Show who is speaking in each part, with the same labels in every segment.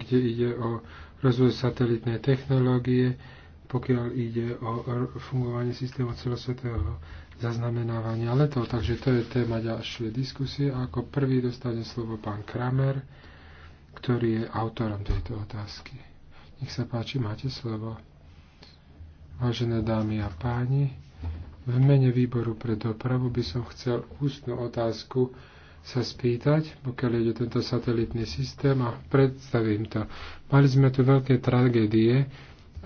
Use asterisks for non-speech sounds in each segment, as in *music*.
Speaker 1: kde ide o rozvoj satelitnej technológie, pokiaľ ide o fungovanie systému celosvetového zaznamenávania letov. Takže to je téma ďalšie diskusie. A ako prvý dostane slovo pán Kramer, ktorý je autorom tejto otázky. Nech sa páči, máte slovo. Vážené dámy a páni, v mene výboru pre dopravu by som chcel ústnu otázku sa spýtať, pokiaľ ide tento satelitný systém a predstavím to. Mali sme tu veľké tragédie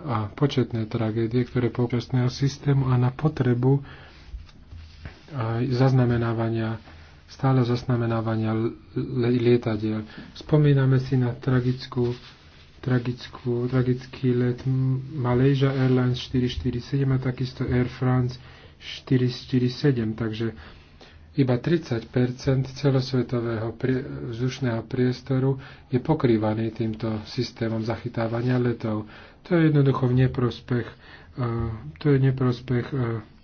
Speaker 1: a početné tragédie, ktoré počasného systému a na potrebu aj zaznamenávania, stále zaznamenávania lietadiel. Spomíname si na tragickú, tragickú, tragický let Malaysia Airlines 447 a takisto Air France 447, takže iba 30 celosvetového vzdušného priestoru je pokrývaný týmto systémom zachytávania letov. To je jednoducho v neprospech, e, to je neprospech e,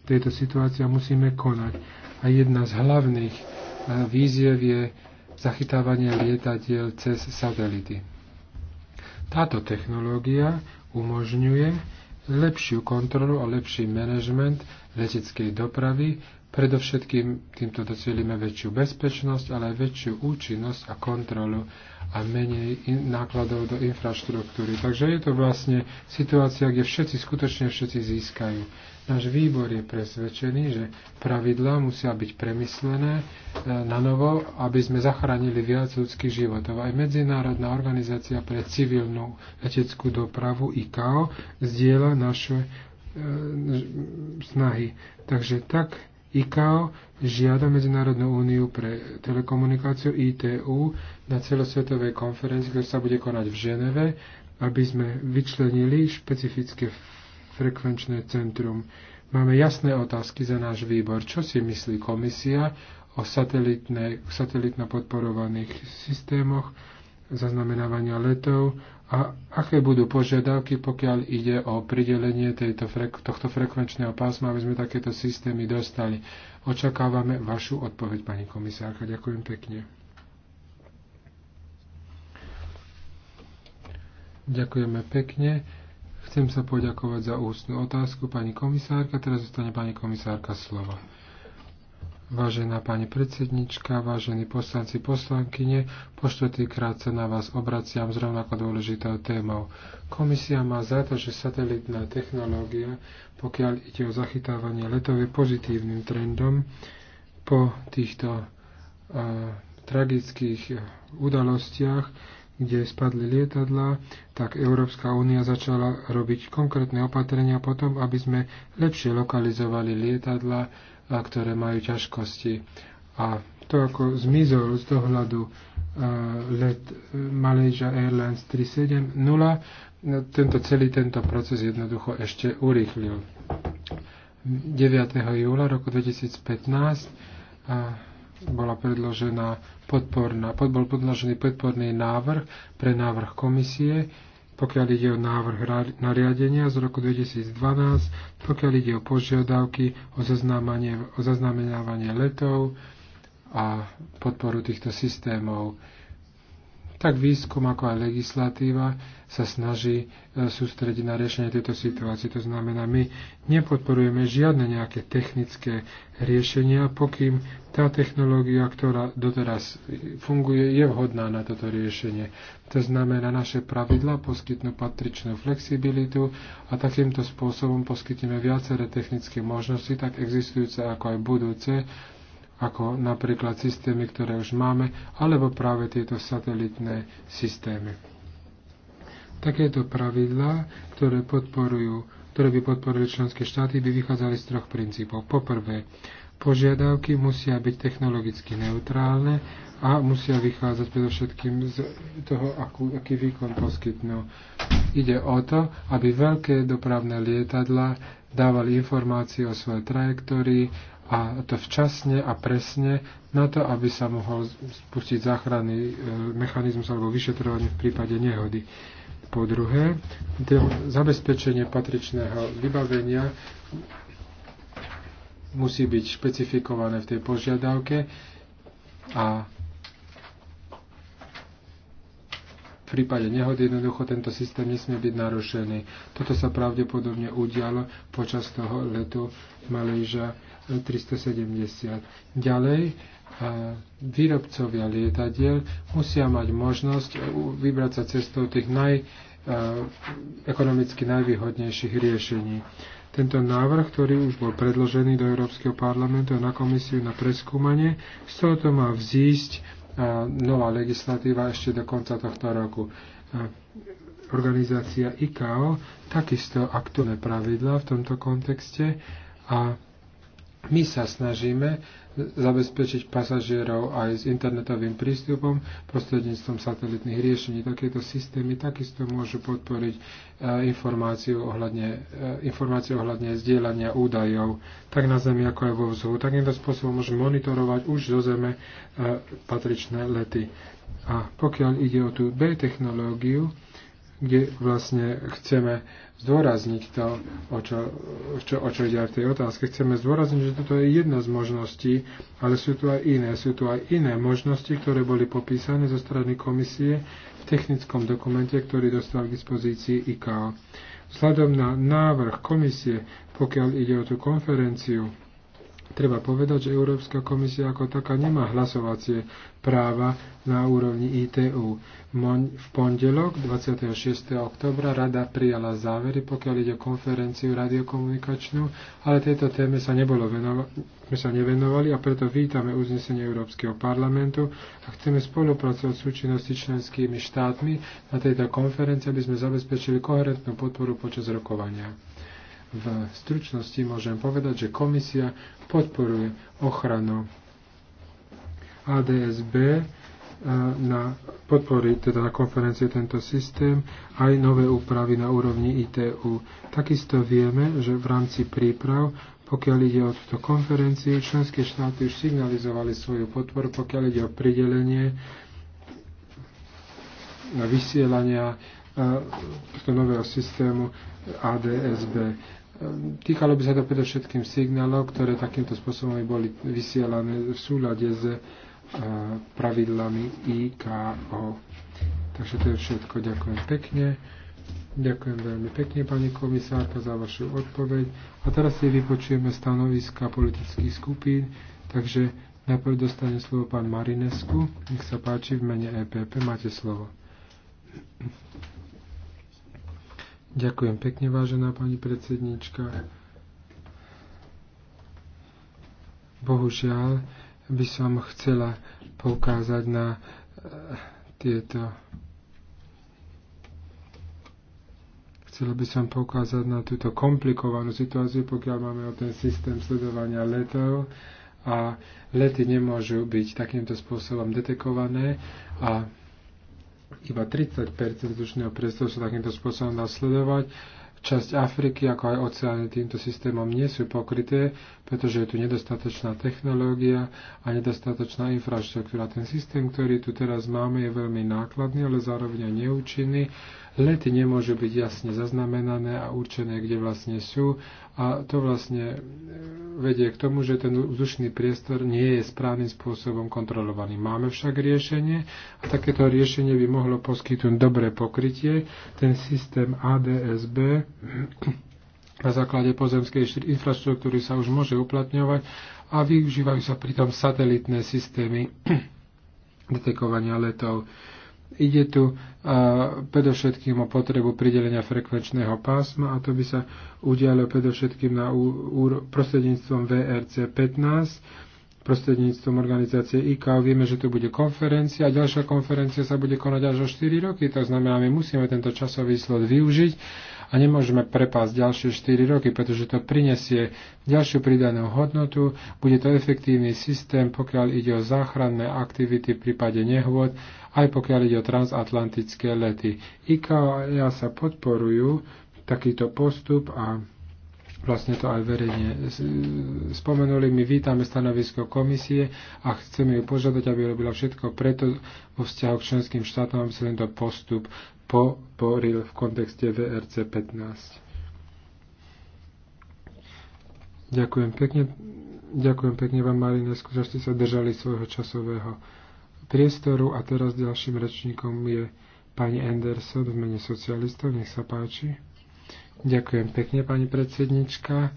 Speaker 1: tejto situácie a musíme konať. A jedna z hlavných e, víziev je zachytávanie lietadiel cez satelity. Táto technológia umožňuje lepšiu kontrolu a lepší manažment leteckej dopravy Predovšetkým týmto docielime väčšiu bezpečnosť, ale aj väčšiu účinnosť a kontrolu a menej in- nákladov do infraštruktúry. Takže je to vlastne situácia, kde všetci, skutočne všetci získajú. Náš výbor je presvedčený, že pravidlá musia byť premyslené e, na novo, aby sme zachránili viac ľudských životov. Aj Medzinárodná organizácia pre civilnú leteckú dopravu ICAO zdieľa naše e, snahy. Takže tak ICAO žiada Medzinárodnú úniu pre telekomunikáciu ITU na celosvetovej konferencii, ktorá sa bude konať v Ženeve, aby sme vyčlenili špecifické frekvenčné centrum. Máme jasné otázky za náš výbor. Čo si myslí komisia o satelitne podporovaných systémoch zaznamenávania letov, a aké budú požiadavky, pokiaľ ide o pridelenie tejto frek- tohto frekvenčného pásma, aby sme takéto systémy dostali? Očakávame vašu odpoveď, pani komisárka. Ďakujem pekne. Ďakujeme pekne. Chcem sa poďakovať za ústnu otázku pani komisárka. Teraz zostane pani komisárka slova. Vážená pani predsednička, vážení poslanci, poslankyne, po štvrtýkrát sa na vás obraciam s rovnako dôležitou témou. Komisia má za to, že satelitná technológia, pokiaľ ide o zachytávanie letov, je pozitívnym trendom po týchto uh, tragických udalostiach, kde spadli lietadla, tak Európska únia začala robiť konkrétne opatrenia potom, aby sme lepšie lokalizovali lietadla a ktoré majú ťažkosti. A to ako zmizol z dohľadu e, let Malaysia Airlines 370, no tento celý tento proces jednoducho ešte urýchlil. 9. júla roku 2015 bola predložená podporná, bol podložený podporný návrh pre návrh komisie, pokiaľ ide o návrh nariadenia z roku 2012, pokiaľ ide o požiadavky o, o zaznamenávanie letov a podporu týchto systémov tak výskum ako aj legislatíva sa snaží e, sústrediť na riešenie tejto situácie. To znamená, my nepodporujeme žiadne nejaké technické riešenia, pokým tá technológia, ktorá doteraz funguje, je vhodná na toto riešenie. To znamená, naše pravidla poskytnú patričnú flexibilitu a takýmto spôsobom poskytneme viaceré technické možnosti, tak existujúce ako aj budúce, ako napríklad systémy, ktoré už máme, alebo práve tieto satelitné systémy. Takéto pravidlá, ktoré podporujú, ktoré by podporili členské štáty, by vychádzali z troch princípov. Poprvé, požiadavky musia byť technologicky neutrálne a musia vychádzať predovšetkým z toho, akú, aký výkon poskytnú. Ide o to, aby veľké dopravné lietadla dávali informácie o svojej trajektórii a to včasne a presne na to, aby sa mohol spustiť záchranný e, mechanizmus alebo vyšetrovanie v prípade nehody. Po druhé, zabezpečenie patričného vybavenia musí byť špecifikované v tej požiadavke a prípade nehod jednoducho tento systém nesmie byť narušený. Toto sa pravdepodobne udialo počas toho letu Malejža 370. Eh, Ďalej, eh, výrobcovia lietadiel musia mať možnosť eh, vybrať sa cestou tých naj, ekonomicky najvýhodnejších riešení. Tento návrh, ktorý už bol predložený do Európskeho parlamentu a na komisiu na preskúmanie, z toho to má vzísť nová legislatíva ešte do konca tohto roku. Organizácia ICAO takisto aktuálne pravidla v tomto kontexte a my sa snažíme zabezpečiť pasažierov aj s internetovým prístupom prostredníctvom satelitných riešení. Takéto systémy takisto môžu podporiť e, informáciu ohľadne, e, informáciu ohľadne zdieľania údajov, tak na Zemi ako aj vo vzhu. Takýmto spôsobom môžeme monitorovať už zo Zeme e, patričné lety. A pokiaľ ide o tú B technológiu, kde vlastne chceme zdôrazniť to, o čo, čo, o čo ide aj v tej otázke. Chceme zdôrazniť, že toto je jedna z možností, ale sú tu aj iné. Sú tu aj iné možnosti, ktoré boli popísané zo strany komisie v technickom dokumente, ktorý dostal k dispozícii ICAO. Vzhľadom na návrh komisie, pokiaľ ide o tú konferenciu, Treba povedať, že Európska komisia ako taká nemá hlasovacie práva na úrovni ITU. V pondelok 26. oktobra rada prijala závery, pokiaľ ide o konferenciu radiokomunikačnú, ale tejto téme sa, nebolo venova- sa nevenovali a preto vítame uznesenie Európskeho parlamentu a chceme spolupracovať s účinnosti členskými štátmi na tejto konferencii, aby sme zabezpečili koherentnú podporu počas rokovania v stručnosti môžem povedať, že komisia podporuje ochranu ADSB e, na podpory teda na konferencie tento systém aj nové úpravy na úrovni ITU. Takisto vieme, že v rámci príprav pokiaľ ide o túto konferenciu, členské štáty už signalizovali svoju podporu, pokiaľ ide o pridelenie vysielania e, tohto nového systému ADSB. Týkalo by sa to predovšetkým signálov, ktoré takýmto spôsobom boli vysielané v súľade s e, pravidlami IKO. Takže to je všetko. Ďakujem pekne. Ďakujem veľmi pekne, pani komisárka, za vašu odpoveď. A teraz si vypočujeme stanoviska politických skupín, takže najprv dostane slovo pán Marinesku. Nech sa páči v mene EPP, máte slovo. Ďakujem pekne, vážená pani predsednička. Bohužiaľ by som chcela poukázať na eh, tieto Chcela by som poukázať na túto komplikovanú situáciu, pokiaľ máme o ten systém sledovania letov a lety nemôžu byť takýmto spôsobom detekované a iba 30 vzdušného priestoru sa takýmto spôsobom nasledovať. Časť Afriky, ako aj oceány týmto systémom nie sú pokryté, pretože je tu nedostatočná technológia a nedostatočná infraštruktúra. Ten systém, ktorý tu teraz máme, je veľmi nákladný, ale zároveň aj neúčinný. Lety nemôžu byť jasne zaznamenané a určené, kde vlastne sú a to vlastne vedie k tomu, že ten vzdušný priestor nie je správnym spôsobom kontrolovaný. Máme však riešenie a takéto riešenie by mohlo poskytnúť dobré pokrytie. Ten systém ADSB na základe pozemskej infraštruktúry sa už môže uplatňovať a využívajú sa pritom satelitné systémy *clears throat* detekovania letov. Ide tu e, predovšetkým o potrebu pridelenia frekvenčného pásma a to by sa udialo predovšetkým na prostredníctvom VRC 15 prostredníctvom organizácie IKAO. Vieme, že tu bude konferencia a ďalšia konferencia sa bude konať až o 4 roky. To znamená, my musíme tento časový slot využiť a nemôžeme prepásť ďalšie 4 roky, pretože to prinesie ďalšiu pridanú hodnotu. Bude to efektívny systém, pokiaľ ide o záchranné aktivity v prípade nehôd, aj pokiaľ ide o transatlantické lety. IKAO a EA sa podporujú takýto postup a vlastne to aj verejne spomenuli. My vítame stanovisko komisie a chceme ju požiadať, aby robila všetko preto vo vzťahu k členským štátom, aby sa tento postup poporil v kontexte VRC 15. Ďakujem pekne. Ďakujem pekne vám, Marinesku, že ste sa držali svojho časového priestoru. A teraz ďalším rečníkom je pani Anderson v mene socialistov. Nech sa páči. Ďakujem pekne, pani predsednička.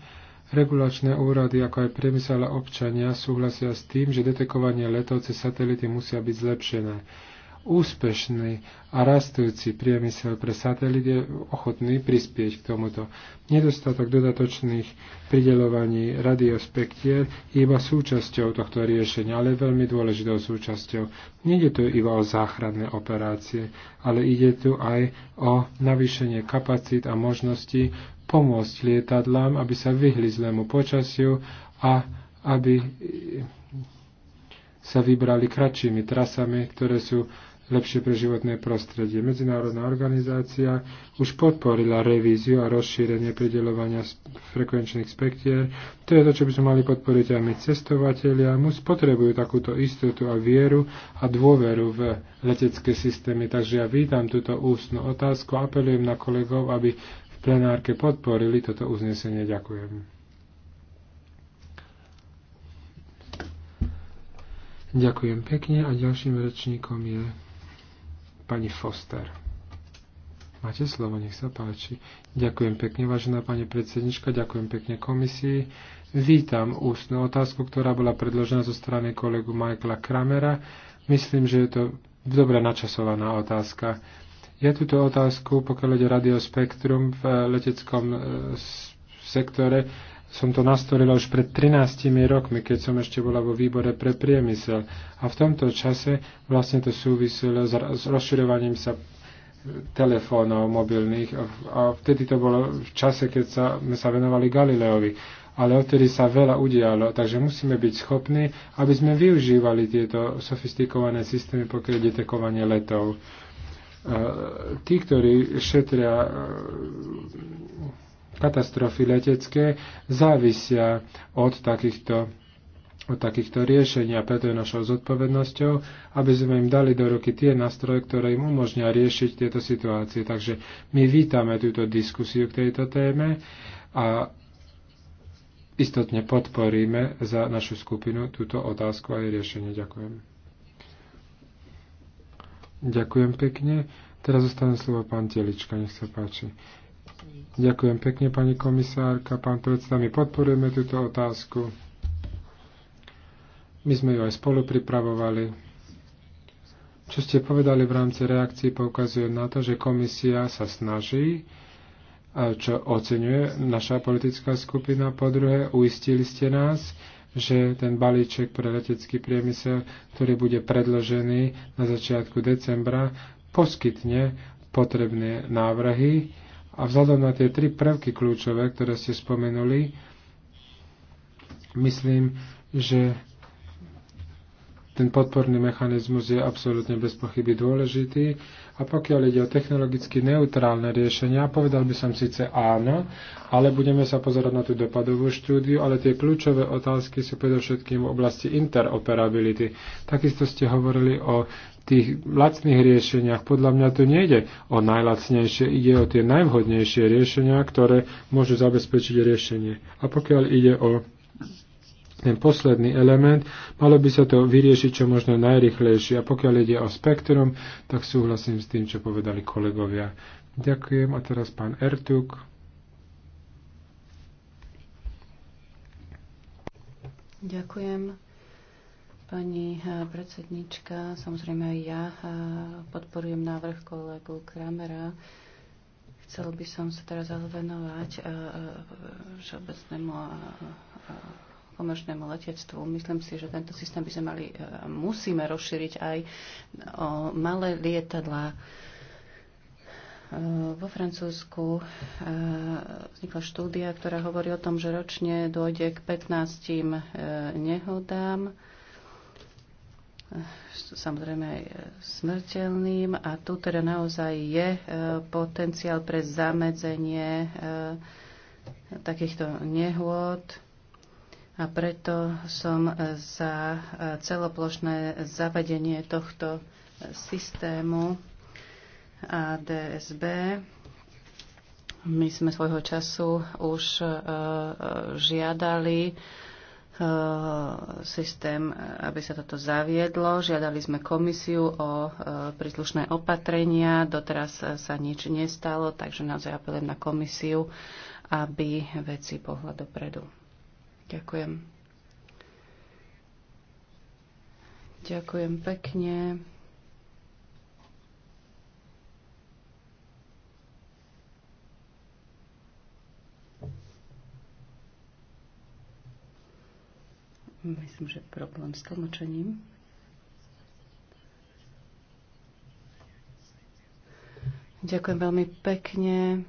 Speaker 1: Regulačné úrady, ako aj priemysel a občania súhlasia s tým, že detekovanie letov cez satelity musia byť zlepšené úspešný a rastúci priemysel pre satelit je ochotný prispieť k tomuto. Nedostatok dodatočných pridelovaní radiospektier je iba súčasťou tohto riešenia, ale veľmi dôležitou súčasťou. Nede tu iba o záchranné operácie, ale ide tu aj o navýšenie kapacít a možností pomôcť lietadlám, aby sa vyhli zlému počasiu a aby sa vybrali kratšími trasami, ktoré sú lepšie pre životné prostredie. Medzinárodná organizácia už podporila revíziu a rozšírenie pridelovania frekvenčných spektier. To je to, čo by sme mali podporiť aj my cestovateľia. Mus potrebujú takúto istotu a vieru a dôveru v letecké systémy. Takže ja vítam túto ústnu otázku a apelujem na kolegov, aby v plenárke podporili toto uznesenie. Ďakujem. Ďakujem pekne a ďalším rečníkom je Pani Foster. Máte slovo, nech sa páči. Ďakujem pekne, vážená pani predsednička, ďakujem pekne komisii. Vítam ústnu otázku, ktorá bola predložená zo strany kolegu Michaela Kramera. Myslím, že je to dobre načasovaná otázka. Ja túto otázku, pokiaľ ide radiospektrum v leteckom e, sektore, som to nastolila už pred 13 rokmi, keď som ešte bola vo výbore pre priemysel. A v tomto čase vlastne to súviselo s rozširovaním sa telefónov mobilných a vtedy to bolo v čase, keď sa, sme sa venovali Galileovi. Ale odtedy sa veľa udialo, takže musíme byť schopní, aby sme využívali tieto sofistikované systémy, pokiaľ detekovanie letov. E, tí, ktorí šetria e, katastrofy letecké závisia od takýchto od takýchto riešení a preto je našou zodpovednosťou, aby sme im dali do ruky tie nástroje, ktoré im umožnia riešiť tieto situácie. Takže my vítame túto diskusiu k tejto téme a istotne podporíme za našu skupinu túto otázku a jej riešenie. Ďakujem. Ďakujem pekne. Teraz zostane slovo pán Telička, nech sa páči. Ďakujem pekne, pani komisárka. Pán predseda, my podporujeme túto otázku. My sme ju aj spolu pripravovali. Čo ste povedali v rámci reakcií, poukazuje na to, že komisia sa snaží, čo oceňuje naša politická skupina. Po druhé, uistili ste nás, že ten balíček pre letecký priemysel, ktorý bude predložený na začiatku decembra, poskytne potrebné návrhy a vzhľadom na tie tri prvky kľúčové, ktoré ste spomenuli, myslím, že ten podporný mechanizmus je absolútne bez pochyby dôležitý. A pokiaľ ide o technologicky neutrálne riešenia, povedal by som síce áno, ale budeme sa pozerať na tú dopadovú štúdiu, ale tie kľúčové otázky sú predovšetkým v oblasti interoperability. Takisto ste hovorili o tých lacných riešeniach. Podľa mňa to nejde o najlacnejšie, ide o tie najvhodnejšie riešenia, ktoré môžu zabezpečiť riešenie. A pokiaľ ide o ten posledný element, malo by sa to vyriešiť čo možno najrychlejšie. A pokiaľ ide o spektrum, tak súhlasím s tým, čo povedali kolegovia. Ďakujem. A teraz pán Ertuk.
Speaker 2: Ďakujem. Pani eh, predsednička, samozrejme aj ja eh, podporujem návrh kolegu Kramera. Chcel by som sa teraz venovať eh, všeobecnému komerčnému letectvu. Myslím si, že tento systém by sme mali, e, musíme rozšíriť aj o malé lietadla. E, vo Francúzsku e, vznikla štúdia, ktorá hovorí o tom, že ročne dôjde k 15 nehodám samozrejme aj smrteľným a tu teda naozaj je potenciál pre zamedzenie takýchto nehôd. A preto som za e, celoplošné zavedenie tohto e, systému ADSB. My sme svojho času už e, žiadali systém, aby sa toto zaviedlo. Žiadali sme komisiu o príslušné opatrenia. Doteraz sa nič nestalo, takže naozaj apelujem na komisiu, aby veci pohľad dopredu. Ďakujem. Ďakujem pekne. Myslím, že problém s tlmočením. Ďakujem veľmi pekne.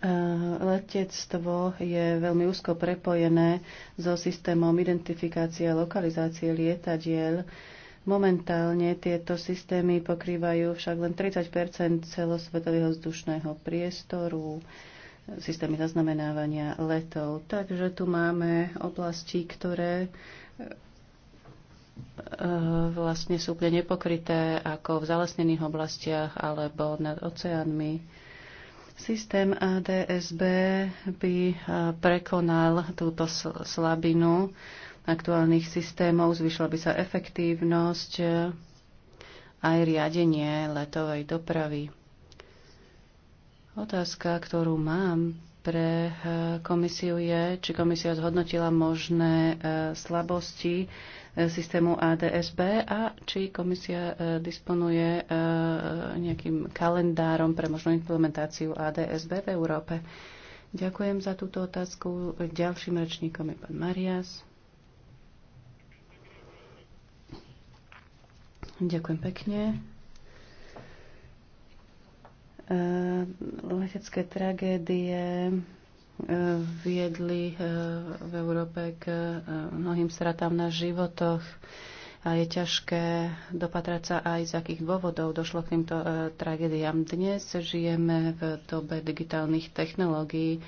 Speaker 2: Eh, letectvo je veľmi úzko prepojené so systémom identifikácie a lokalizácie lietadiel. Momentálne tieto systémy pokrývajú však len 30 celosvetového vzdušného priestoru, systémy zaznamenávania letov. Takže tu máme oblasti, ktoré eh, vlastne sú úplne nepokryté ako v zalesnených oblastiach alebo nad oceánmi. Systém DSB by e, prekonal túto slabinu aktuálnych systémov, zvyšila by sa efektívnosť e, aj riadenie letovej dopravy. Otázka, ktorú mám pre e, komisiu je, či komisia zhodnotila možné slabosti systému ADSB a či komisia disponuje nejakým kalendárom pre možnú implementáciu ADSB v Európe. Ďakujem za túto otázku. Ďalším rečníkom je pán Marias. Ďakujem pekne. Ehm, letecké tragédie ehm, viedli ehm, v Európe k mnohým stratám na životoch a je ťažké dopatrať sa aj z akých dôvodov došlo k týmto e, tragédiám. Dnes žijeme v dobe digitálnych technológií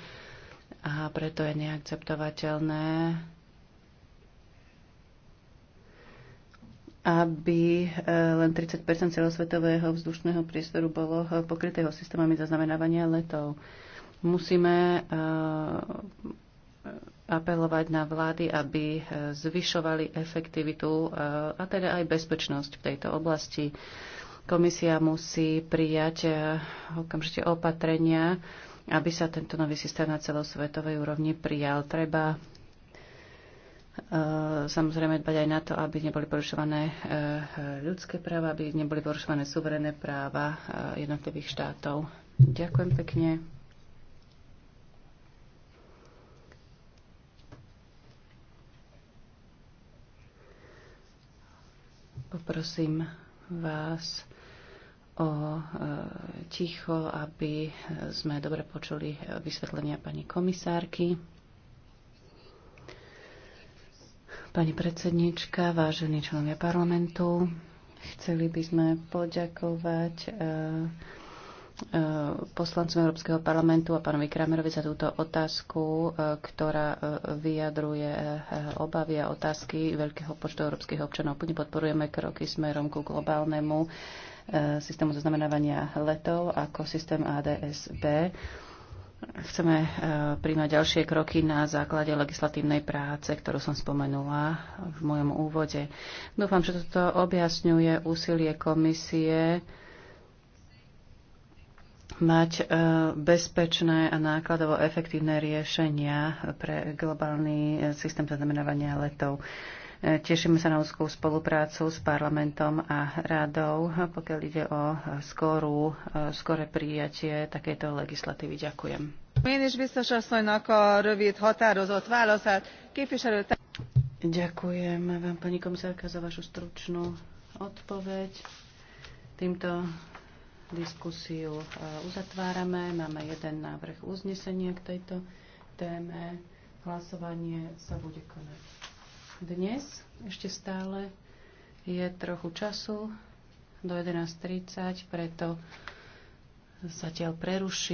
Speaker 2: a preto je neakceptovateľné, aby e, len 30 celosvetového vzdušného priestoru bolo e, pokrytého systémami zaznamenávania letov. Musíme apelovať na vlády, aby e, zvyšovali efektivitu e, a teda aj bezpečnosť v tejto oblasti. Komisia musí prijať e, okamžite opatrenia, aby sa tento nový systém na celosvetovej úrovni prijal. Treba samozrejme dbať aj na to, aby neboli porušované ľudské práva, aby neboli porušované suverénne práva jednotlivých štátov. Ďakujem pekne. Poprosím vás o e, ticho, aby sme dobre počuli vysvetlenia pani komisárky. Pani predsednička, vážení členovia parlamentu, chceli by sme poďakovať e, Eh, poslancom Európskeho parlamentu a pánovi Kramerovi za túto otázku, eh, ktorá eh, vyjadruje obavy a otázky veľkého počtu európskych občanov. Plne podporujeme kroky smerom ku globálnemu systému zaznamenávania letov ako systém ADSB. Chceme príjmať ďalšie kroky na základe legislatívnej práce, ktorú som spomenula v mojom úvode. Dúfam, že toto objasňuje úsilie komisie mať e, bezpečné a nákladovo efektívne riešenia pre globálny e, systém zaznamenávania letov. E, tešíme sa na úzkú spoluprácu s parlamentom a radou, pokiaľ ide o skorú, skore prijatie takejto legislatívy. Ďakujem. Ďakujem vám, pani komisárka, za vašu stručnú odpoveď. Týmto Diskusiu e, uzatvárame. Máme jeden návrh uznesenia k tejto téme. Hlasovanie sa bude konať. Dnes ešte stále je trochu času do 11.30, preto zatiaľ preruším.